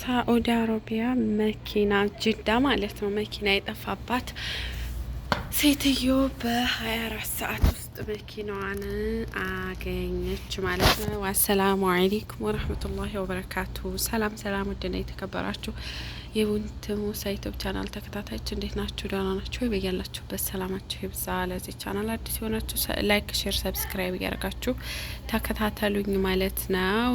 ሳኡዲ አረቢያ መኪና ጅዳ ማለት ነው መኪና የጠፋባት ሴትዮ በ24 ሰዓት ውስጥ መኪናዋን አገኘች ማለት ነው። አሰላሙ አሌይኩም ወረህመቱላሂ ወበረካቱ። ሰላም ሰላም፣ ውድና የተከበራችሁ የቡንት ሙሳ ዩቱብ ቻናል ተከታታዮች እንዴት ናችሁ? ደህና ናችሁ ወይ? በያላችሁበት ሰላማችሁ ይብዛ። ለዚህ ቻናል አዲስ የሆናችሁ ላይክ፣ ሼር፣ ሰብስክራይብ እያደርጋችሁ ተከታተሉኝ ማለት ነው።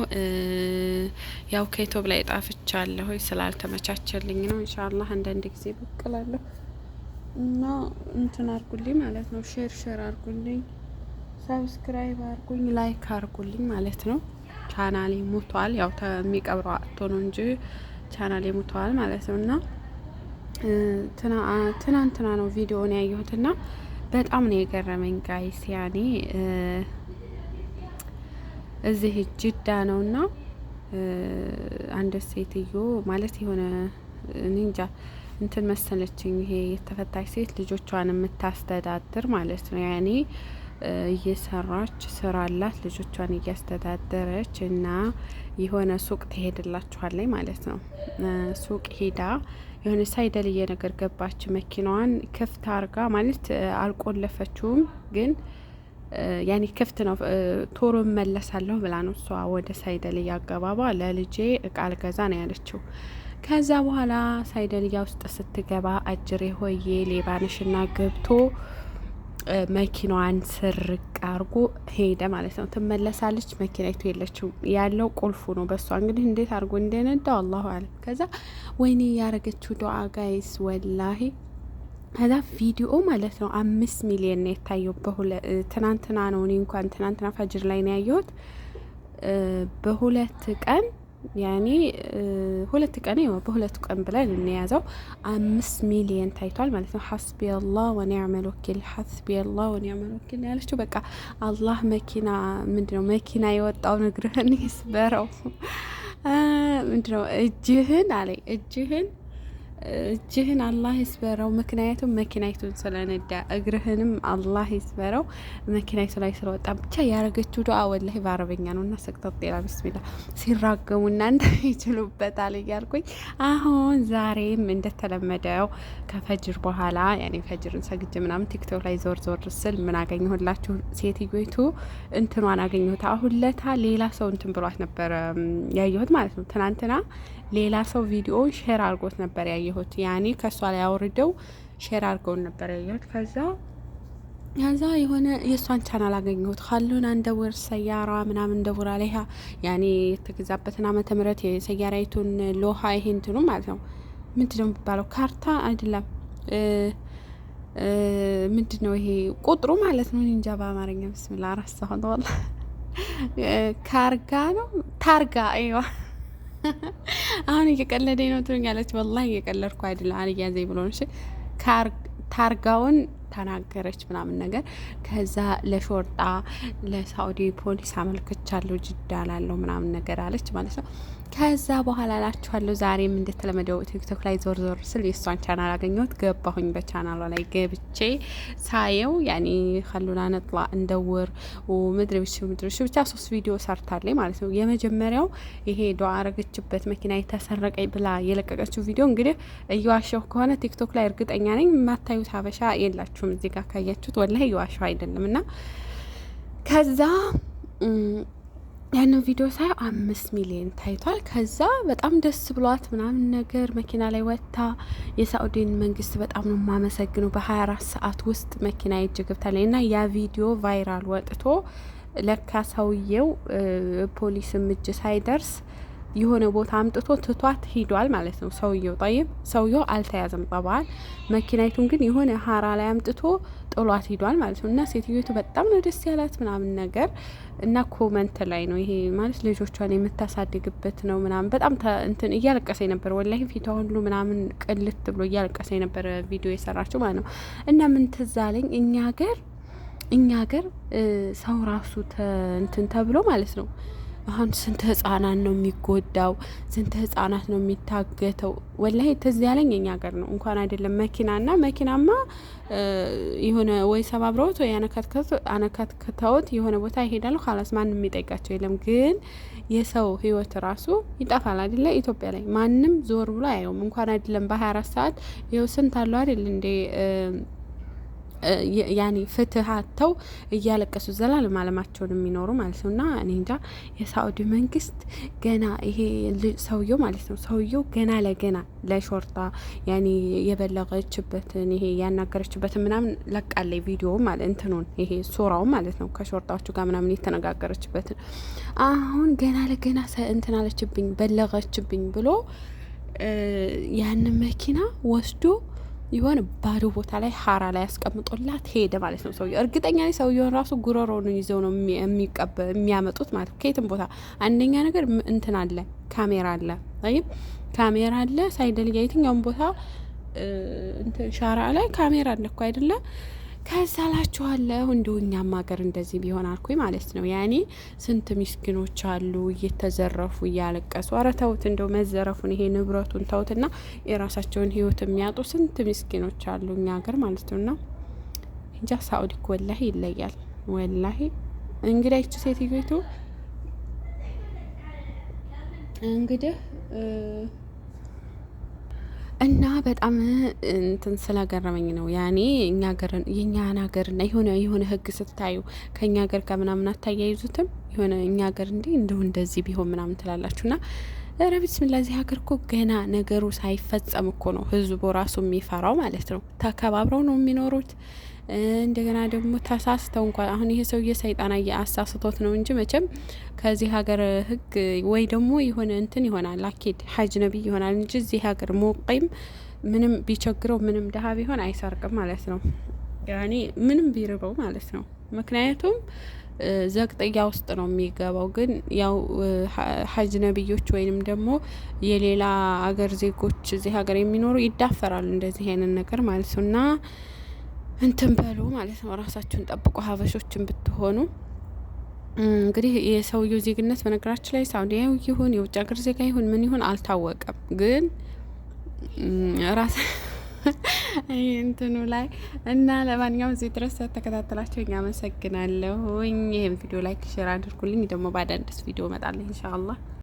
ያው ከዩቱብ ላይ ጣፍቻለሁ ስላልተመቻቸልኝ ነው። ኢንሻአላህ አንዳንድ ጊዜ ብቅ እና እንትን አርጉልኝ ማለት ነው። ሼር ሼር አርጉልኝ፣ ሰብስክራይብ አርጉኝ፣ ላይክ አርጉልኝ ማለት ነው። ቻናሌ ሙቷል፣ ያው የሚቀብረው አቶ ነው እንጂ ቻናሌ ሙቷል ማለት ነው። እና ትናንትና ነው ቪዲዮን ያየሁትና በጣም ነው የገረመኝ ጋይስ። ያኔ እዚህ ጅዳ ነው እና አንድ ሴትዮ ማለት የሆነ ኒንጃ እንትን መሰለችኝ ይሄ የተፈታች ሴት ልጆቿን የምታስተዳድር ማለት ነው። ያኔ እየሰራች ስራ አላት ልጆቿን እያስተዳደረች እና የሆነ ሱቅ ትሄድላችኋለች ማለት ነው። ሱቅ ሄዳ የሆነ ሳይደልየ ነገር ገባች። መኪናዋን ክፍት አርጋ ማለት አልቆለፈችውም፣ ግን ያኔ ክፍት ነው። ቶሮ እመለሳለሁ ብላ ነው እሷ ወደ ሳይደልየ አገባባ ለልጄ እቃ ልገዛ ነው ያለችው። ከዛ በኋላ ሳይደልያ ውስጥ ስትገባ አጅሬ ሆዬ ሌባንሽና ገብቶ መኪናዋን ስርቅ አርጎ ሄደ ማለት ነው። ትመለሳለች፣ መኪናይቱ የለችው ያለው ቁልፉ ነው በሷ። እንግዲህ እንዴት አድርጎ እንደነዳው አላሁ አለም። ከዛ ወይኔ ያረገችው ዱዓ ጋይስ ወላሂ ከዛ ቪዲዮ ማለት ነው አምስት ሚሊዮን ነው የታየው። ትናንትና ነው እኔ እንኳን ትናንትና ፈጅር ላይ ነው ያየሁት በሁለት ቀን ያኔ ሁለት ቀን በሁለት ቀን ብለን እንያዘው አምስት ሚሊየን ታይቷል ማለት ነው። ሐስቢ አላህ ወኒዕመል ወኪል፣ ሐስቢ አላህ ወኒዕመል ወኪል ያለችው በቃ አላህ መኪና ምንድነው መኪና የወጣውን እግርህን ይስበረው ምንድነው እጅህን አለ እጅህን እጅህን አላህ ይስበረው፣ ምክንያቱም መኪናይቱን ስለነዳ እግርህንም አላህ ይስበረው፣ መኪናይቱ ላይ ስለወጣ ብቻ ያረገችው ዱአ ወላሂ በአረበኛ ነው እና ሰቅጠጥ ጤና ብስሚላ ሲራገሙ እናንተ ይችሉበታል እያልኩኝ አሁን ዛሬም እንደተለመደው ከፈጅር በኋላ ያኔ ፈጅርን ሰግጅ ምናምን ቲክቶክ ላይ ዞር ዞር ስል ምን አገኘሁላችሁ? ሴትዮቱ እንትኗን አገኘሁት። አሁን ለታ ሌላ ሰው እንትን ብሏት ነበረ ያየሁት ማለት ነው ትናንትና ሌላ ሰው ቪዲዮ ሼር አድርጎት ነበር ያየሁት። ያኔ ከእሷ ላይ አውርደው ሼር አድርገውን ነበር ያየሁት። ከዛ ከዛ የሆነ የእሷን ቻናል አገኘሁት። ካሉን አንደ ወር ሰያራ ምናምን እንደ ቡራ ያኔ የተገዛበትን አመተ ምህረት የሰያራዊቱን ሎሃ ይሄ እንትኑ ማለት ነው ምንድን ነው የሚባለው ካርታ አይደለም ምንድን ነው ይሄ ቁጥሩ ማለት ነው። እንጃ በአማርኛ ብስምላ ረሳሁት። ዋላ ካርጋ ነው ታርጋ አሁን እየቀለደኝ ነው ትሉኛለች። ወላሂ እየቀለድኩ አይደለም። አልያ ዘይ ብሎ ነች ታርጋውን ተናገረች ምናምን ነገር። ከዛ ለሾርጣ ለሳኡዲ ፖሊስ አመልክቻለሁ ጅዳ ላለው ምናምን ነገር አለች ማለት ነው። ከዛ በኋላ ላችኋለሁ። ዛሬም እንደተለመደው ቲክቶክ ላይ ዞር ዞር ስል የእሷን ቻናል አገኘሁት። ገባሁኝ። በቻናሏ ላይ ገብቼ ሳየው ያኔ ከሉና ነጥላ እንደውር ምድር ብሽ ምድር ብሽ ብቻ ሶስት ቪዲዮ ሰርታለች ማለት ነው። የመጀመሪያው ይሄ ዶ አረገችበት መኪና የተሰረቀኝ ብላ የለቀቀችው ቪዲዮ እንግዲህ እየዋሸሁ ከሆነ ቲክቶክ ላይ እርግጠኛ ነኝ የማታዩት ሀበሻ የላችሁም። እዚህ ጋር ካያችሁት ወላሂ እየዋሸሁ አይደለም እና ከዛ ያንን ቪዲዮ ሳይ አምስት ሚሊዮን ታይቷል። ከዛ በጣም ደስ ብሏት ምናምን ነገር መኪና ላይ ወጥታ የሳኡዲን መንግስት በጣም ነው የማመሰግነው በ24 ሰዓት ውስጥ መኪና ይጅ ገብታለች እና ያ ቪዲዮ ቫይራል ወጥቶ ለካ ሰውየው ፖሊስም እጅ ሳይደርስ የሆነ ቦታ አምጥቶ ትቷት ሂዷል ማለት ነው ሰውየው። ጠይብ ሰውየው አልተያዘም ጠባል። መኪናይቱን ግን የሆነ ሀራ ላይ አምጥቶ ጥሏት ሂዷል ማለት ነው። እና ሴትዮቱ በጣም ነው ደስ ያላት ምናምን ነገር እና ኮመንት ላይ ነው ይሄ ማለት ልጆቿን የምታሳድግበት ነው ምናምን። በጣም እንትን እያለቀሰ ነበር ወላሂ፣ ፊቷ ሁሉ ምናምን ቅልት ብሎ እያለቀሰ ነበር ቪዲዮ የሰራችው ማለት ነው። እና ምን ትዝ አለኝ እኛ ሀገር እኛ ሀገር ሰው ራሱ እንትን ተብሎ ማለት ነው አሁን ስንት ህጻናት ነው የሚጎዳው? ስንት ህጻናት ነው የሚታገተው? ወላሂ ትዝ ያለኝ የኛ ሀገር ነው እንኳን አይደለም ና መኪናማ የሆነ ወይ ሰባብረውት ወይ አነካትክተውት የሆነ ቦታ ይሄዳሉ። ካላስ ማንም የሚጠይቃቸው የለም። ግን የሰው ህይወት ራሱ ይጠፋል አይደለ? ኢትዮጵያ ላይ ማንም ዞር ብሎ አየውም። እንኳን አይደለም በ አራት ሰዓት ይኸው ስንት አለው አይደል እንዴ ያኔ ፍትህ አጥተው እያለቀሱ ዘላለም አለማቸውን የሚኖሩ ማለት ነው። እና እኔ እንጃ የሳኡዲ መንግስት ገና ይሄ ሰውየው ማለት ነው ሰውየው ገና ለገና ለሾርታ ያኔ የበለቀችበትን ይሄ ያናገረችበትን ምናምን ለቃለ ቪዲዮ ማለት እንትኑን ይሄ ሱራው ማለት ነው ከሾርታዎቹ ጋር ምናምን የተነጋገረችበትን አሁን ገና ለገና እንትን አለችብኝ በለቀችብኝ ብሎ ያንን መኪና ወስዶ የሆነ ባዶ ቦታ ላይ ሀራ ላይ ያስቀምጦላት ሄደ ማለት ነው ሰውየው። እርግጠኛ ነኝ ሰውየውን ራሱ ጉሮሮውን ይዘው ነው የሚያመጡት ማለት ነው ከየትም ቦታ። አንደኛ ነገር እንትን አለ፣ ካሜራ አለ፣ አይ ካሜራ አለ። ሳይደልያ የትኛውም ቦታ ሻራ ላይ ካሜራ አለ እኮ አይደለም። ከዛ ላችኋለሁ እንደው እኛም ሀገር እንደዚህ ቢሆን አልኩኝ ማለት ነው። ያኔ ስንት ሚስኪኖች አሉ እየተዘረፉ እያለቀሱ። አረ ተውት እንደው መዘረፉን ይሄ ንብረቱን ተውትና የራሳቸውን ህይወት የሚያጡ ስንት ሚስኪኖች አሉ እኛ ሀገር ማለት ነው። ና እንጃ ሳኡዲ እኮ ወላሂ ይለያል። ወላሂ እንግዲህ ይቺ ሴትዮቱ እንግዲህ እና በጣም እንትን ስለገረመኝ ነው ያኔ እኛ ገርን የእኛን ሀገርና የሆነ የሆነ ህግ ስታዩ ከእኛ ሀገር ከምናምን አታያይዙትም። የሆነ እኛ ሀገር እንዲህ እንደው እንደዚህ ቢሆን ምናምን ትላላችሁና ኧረ ቢስሚላ እዚህ ሀገር እኮ ገና ነገሩ ሳይፈጸም እኮ ነው ህዝቡ ራሱ የሚፈራው ማለት ነው። ተከባብረው ነው የሚኖሩት። እንደገና ደግሞ ተሳስተው እንኳን አሁን ይሄ ሰውዬ ሰይጣና አሳስቶት ነው እንጂ መቼም ከዚህ ሀገር ህግ ወይ ደግሞ የሆነ እንትን ይሆናል አኬድ ሀጅ ነቢይ ይሆናል እንጂ እዚህ ሀገር ሞቀም ምንም ቢቸግረው ምንም ድሀ ቢሆን አይሰርቅም ማለት ነው። ያኔ ምንም ቢርበው ማለት ነው። ምክንያቱም ዘቅጥያ ውስጥ ነው የሚገባው። ግን ያው ሀጅ ነብዮች ወይንም ደግሞ የሌላ አገር ዜጎች እዚህ ሀገር የሚኖሩ ይዳፈራሉ እንደዚህ አይነት ነገር ማለት ነው። እና እንትን በሉ ማለት ነው፣ ራሳችሁን ጠብቁ ሀበሾችን ብትሆኑ እንግዲህ የሰውየው ዜግነት በነገራችን ላይ ሳውዲያዊ ይሁን የውጭ ሀገር ዜጋ ይሁን ምን ይሁን አልታወቀም። ግን ራሳ እንትኑ ላይ እና ለማንኛውም እዚህ ድረስ ተከታተላችሁኝ አመሰግናለሁኝ። ይህም ቪዲዮ ላይክ፣ ሼር አድርጉልኝ። ደግሞ በአዳዲስ ቪዲዮ እመጣለሁ ኢንሻአላህ።